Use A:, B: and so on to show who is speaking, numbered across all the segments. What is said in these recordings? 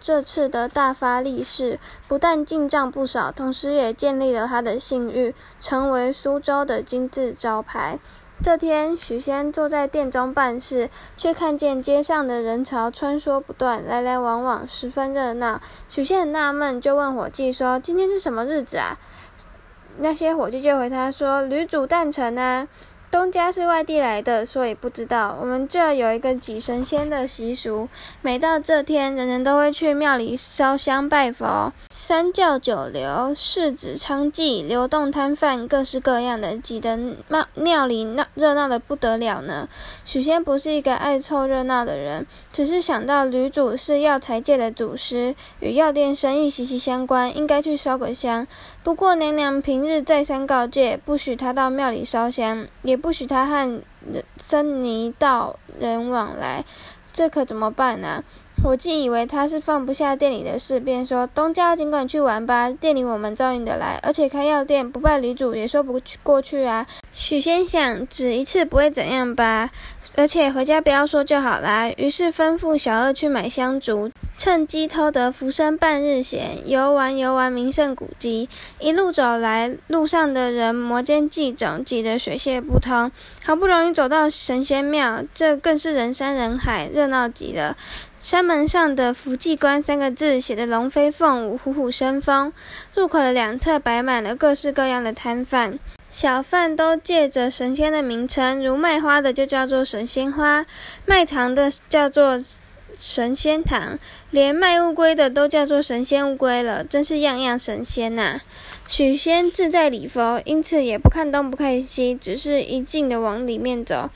A: 這次的大發利是不但進賬不少，同時也建立了他的信譽，成為蘇州的金字招牌。這天，許仙坐在店中辦事，卻看見街上的人潮穿梭不斷，來來往往，十分熱鬧。許仙很納悶，就問夥計說：“今天是什麼日子啊？”那些夥計就回他說：“呂祖誕辰啊。”東家是外地來的，所以不知道。我們這兒有一個祭神仙的習俗，每到這天，人人都會去廟裡燒香拜佛。三教九流、市井娼妓、流動攤販，各式各樣的，擠得廟裡鬧熱鬧得不得了呢。許仙不是一個愛湊熱鬧的人，只是想到呂祖是藥材界的祖師，與藥店生意息息相關，應該去燒個香。不過娘娘平日再三告誡，不許他到廟裡燒香，不許他和僧尼道人往來，這可怎麼辦呢、啊？我竟以為他是放不下店裡的事，便說：“東家盡管去玩吧，店裡我們照應得來。而且開藥店不拜呂祖也說不過去過去啊。”許仙想，只一次不會怎樣吧，而且回家不要說就好啦。於是吩咐小二去買香燭，趁機偷得浮生半日閒，遊玩遊玩名勝古跡。一路走來，路上的人摩肩接踵，擠得水泄不通。好不容易走到神仙廟，這更是人山人海，熱鬧極了。山門上的“福濟觀”三個字寫的龍飛鳳舞、虎虎生風。入口的兩側擺滿了各式各樣的攤販，小販都借着神仙的名稱，如賣花的就叫做神仙花，賣糖的叫做神仙糖，連賣烏龜的都叫做神仙烏龜了，真是樣樣神仙吶、啊。許仙志在禮佛，因此也不看東不看西，只是一徑的往裡面走。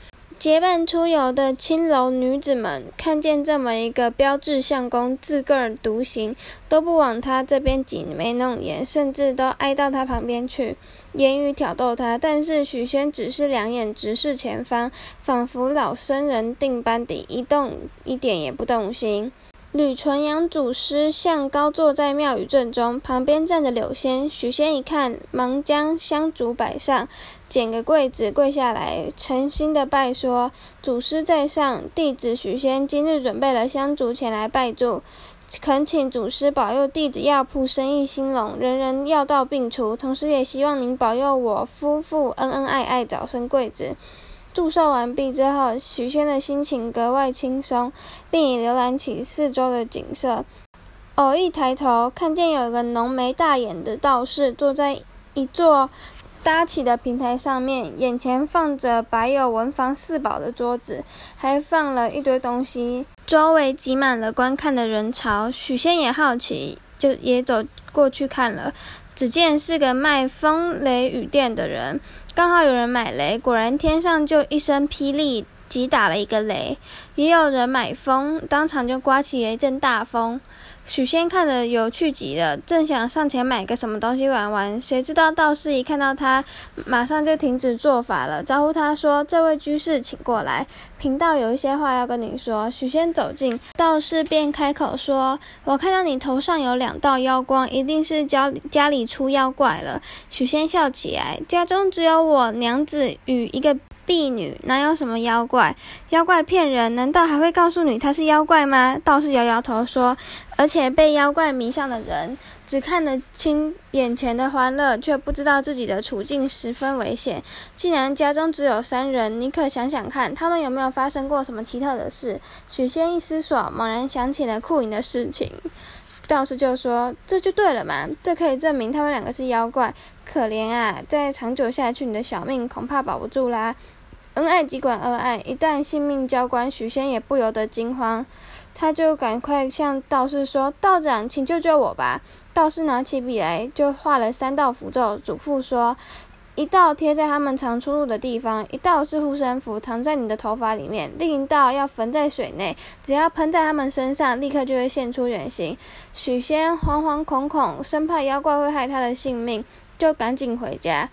A: 結伴出遊的青樓女子們看見這麼一個標致相公自個兒獨行，都不往他這邊擠眉弄眼，甚至都挨到他旁邊去，言語挑逗他。但是許宣只是兩眼直視前方，仿佛老僧人定般地一動，一點也不動心。呂純陽祖師向高坐在廟宇正中，旁邊站着柳仙。許仙一看，忙將香燭擺上，撿個櫃子跪下來，誠心的拜說：“祖師在上，弟子許仙今日準備了香燭前來拜祝，懇請祖師保佑弟子藥鋪生意興隆，人人藥到病除。同時，也希望您保佑我夫婦恩恩愛愛，早生貴子。”祝壽完畢之後，許仙的心情格外輕鬆，並已瀏覽起四周的景色。偶一抬頭，看見有一個濃眉大眼的道士坐在一座搭起的平台上面，眼前放着擺有文房四寶的桌子，還放了一堆東西。周圍擠滿了觀看的人潮，許仙也好奇，就也走過去看了。只見是個賣風雷雨電的人，剛好有人買雷，果然天上就一聲霹靂，擊打了一個雷；也有人買風，當場就颳起了一陣大風。許仙看了有趣極了，正想上前買個什麼東西玩玩，誰知道道士一看到他，馬上就停止做法了，招呼他說：“這位居士，請過來，貧道有一些話要跟你說。”許仙走近，道士便開口說：“我看到你頭上有兩道妖光，一定是家裡家裡出妖怪了。”許仙笑起來：“家中只有我娘子與一個。”婢女，哪有什麼妖怪？”妖怪騙人，難道還會告訴你他是妖怪嗎？道士搖搖頭說：“而且被妖怪迷上的人，只看得清眼前的歡樂，卻不知道自己的處境十分危險。既然家中只有三人，你可想想看，他們有沒有發生過什麼奇特的事？”許仙一思索，猛然想起了庫銀的事情。道士就說：“這就對了嘛，這可以證明他們兩個是妖怪。可憐啊，再長久下去，你的小命恐怕保不住啦。恩愛即管恩愛，一旦性命交關，許仙也不由得驚慌。他就趕快向道士說：‘道長，請救救我吧。’道士拿起筆來，就畫了三道符咒，囑咐說。”一道貼在他們常出入的地方，一道是護身符，藏在你的頭髮裡面，另一道要縫在水內，只要噴在他們身上，立刻就會現出原形。許仙惶惶恐恐，生怕妖怪會害他的性命，就趕緊回家。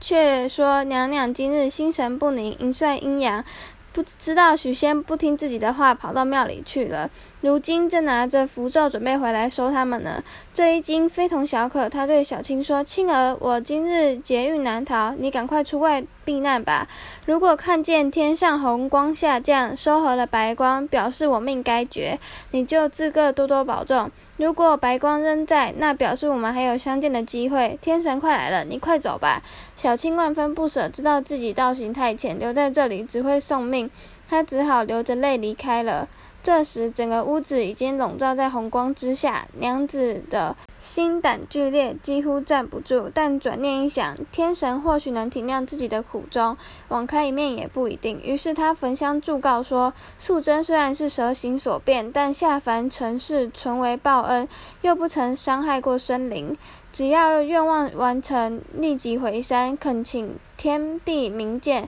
A: 卻說娘娘今日心神不寧，陰帥陰陽。不知道許仙不聽自己的話，跑到廟裡去了。如今正拿着符咒準備回來收他們呢。這一驚非同小可，他對小青說：“青兒，我今日劫運難逃，你趕快出外。”避難吧！如果看見天上紅光下降，收合了白光，表示我命該絕，你就自個多多保重。如果白光仍在，那表示我們還有相見的機會。天神快來了，你快走吧！小青萬分不捨，知道自己道行太淺，留在這裡只會送命，她只好流着淚離開了。這時，整個屋子已經籠罩在紅光之下。娘子的心膽俱裂，幾乎站不住。但轉念一想，天神或許能體諒自己的苦衷，網開一面也不一定。於是她焚香祝告說：“素貞雖然是蛇形所變，但下凡塵世，純為報恩，又不曾傷害過生靈。只要願望完成，立即回山，懇請天地明鑒。”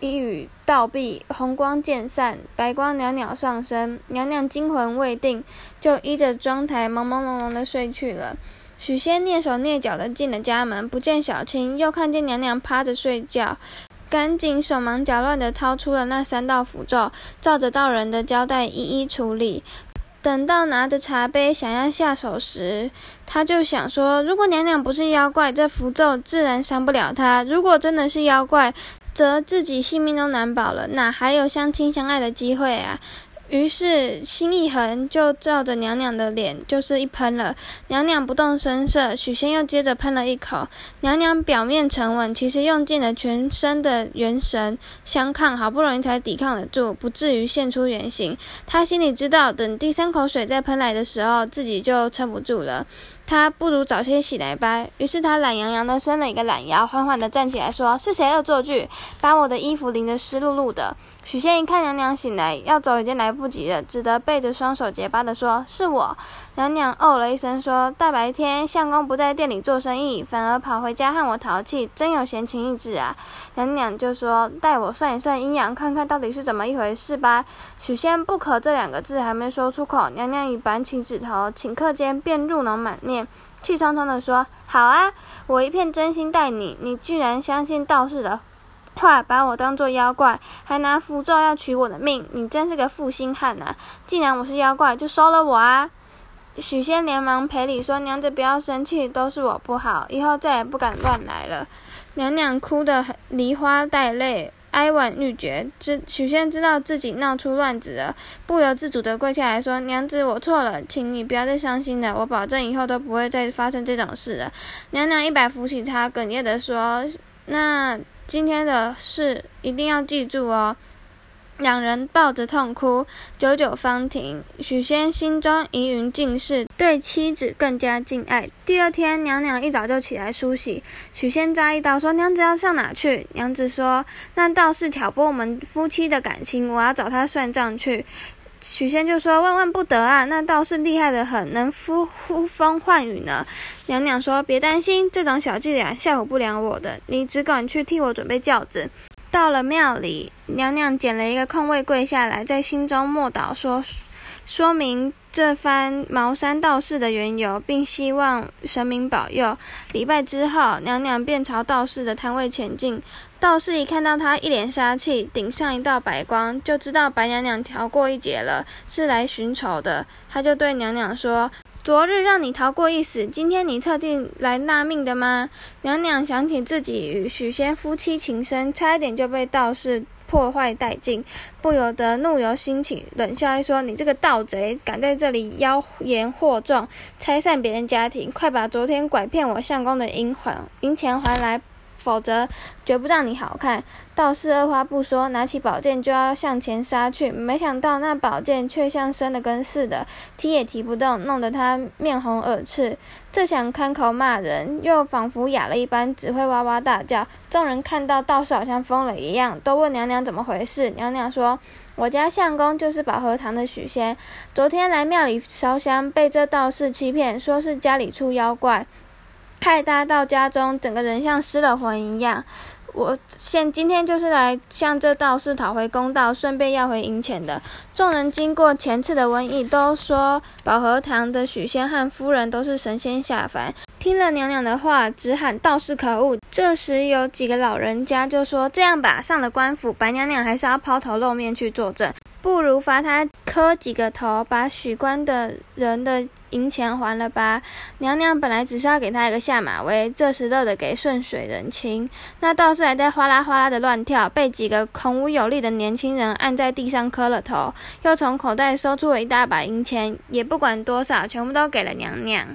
A: 一語道畢，紅光漸散，白光裊裊上升。娘娘驚魂未定，就依着妝台，朦朦朧朧的睡去了。許仙躡手躡腳的進了家門，不見小青，又看見娘娘趴着睡覺，趕緊手忙腳亂的掏出了那三道符咒，照着道人的交代一一處理。等到拿着茶杯想要下手時，他就想說：如果娘娘不是妖怪，這符咒自然傷不了她；如果真的是妖怪，則自己性命都難保了，哪還有相親相愛的機會啊？於是心一橫，就照着娘娘的臉就是一噴了。娘娘不動聲色，許仙又接着噴了一口。娘娘表面沉穩，其實用盡了全身的元神相抗，好不容易才抵抗得住，不至於現出原形。她心裡知道，等第三口水再噴來的時候，自己就撐不住了。他不如早些起來吧。於是他懶洋洋地伸了一個懶腰，緩緩地站起來，說：“是誰惡作劇，把我的衣服淋得濕漉漉的？”許仙一看娘娘醒來要走，已經來不及了，只得背着雙手結巴地說：“是我。”娘娘哦了一聲，說：“大白天，相公不在店裡做生意，反而跑回家和我淘氣，真有閒情逸致啊！”娘娘就說：“待我算一算陰陽，看看到底是怎麼一回事吧。”許仙“不可”這兩個字還沒說出口，娘娘已板起指頭，頃刻間便怒容滿面，氣沖沖地說：“好啊，我一片真心待你，你居然相信道士的話，把我當做妖怪，還拿符咒要取我的命，你真是個負心漢啊！既然我是妖怪，就收了我啊！”許仙連忙賠禮說：“娘子，不要生氣，都是我不好，以後再也不敢亂來了。”娘娘哭得梨花帶淚，哀婉欲絕。知許仙知道自己鬧出亂子了，不由自主地跪下來說：“娘子，我錯了，請你不要再傷心了，我保證以後都不會再發生這種事了。”娘娘一把扶起他，哽咽地說：“那今天的事一定要記住哦。”兩人抱着痛哭，久久方停。許仙心中疑雲盡釋，對妻子更加敬愛。第二天，娘娘一早就起來梳洗。許仙詫異說：“娘子要上哪去？”娘子說：“那道士挑撥我們夫妻的感情，我要找他算賬去。”許仙就說：“萬萬不得啊！那道士厲害得很，能呼呼風喚雨呢。”娘娘說：“別擔心，這種小伎倆嚇唬不了我的。你只管去替我準備轎子。”到了廟裡，娘娘撿了一個空位跪下來，在心中默禱，說說明這番茅山道士的緣由，並希望神明保佑。禮拜之後，娘娘便朝道士的攤位前進。道士一看到她一臉殺氣，頂上一道白光，就知道白娘娘逃過一劫了，是來尋仇的。他就對娘娘說。昨日讓你逃過一死，今天你特地來納命的嗎？娘娘想起自己與許仙夫妻情深，差一點就被道士破壞殆盡，不由得怒由心起，冷笑一聲說：“你這個盜賊，敢在這裡妖言惑眾，拆散別人家庭！快把昨天拐騙我相公的銀還，銀錢還來！”否則，絕不讓你好看！道士二話不說，拿起寶劍就要向前殺去。沒想到那寶劍卻像生了根似的，提也提不動，弄得他面紅耳赤。正想開口罵人，又仿佛啞了一般，只會哇哇大叫。眾人看到道士好像瘋了一樣，都問娘娘怎麼回事。娘娘說：“我家相公就是保和堂的許仙，昨天來廟裡燒香，被這道士欺騙，說是家裡出妖怪。”派他到家中，整個人像失了魂一樣。我現今天就是來向這道士討回公道，順便要回銀錢的。眾人經過前次的瘟疫，都說保和堂的許仙和夫人都是神仙下凡。聽了娘娘的話，只喊道士可惡。這時有幾個老人家就說：“這樣吧，上了官府，白娘娘還是要拋頭露面去作證，不如罰她磕幾個頭，把許官的人的銀錢還了吧。”娘娘本來只是要給他一個下馬威，這時樂得給順水人情。那道士還在嘩啦嘩啦的亂跳，被幾個孔武有力的年輕人按在地上磕了頭，又從口袋搜出了一大把銀錢，也不管多少，全部都給了娘娘。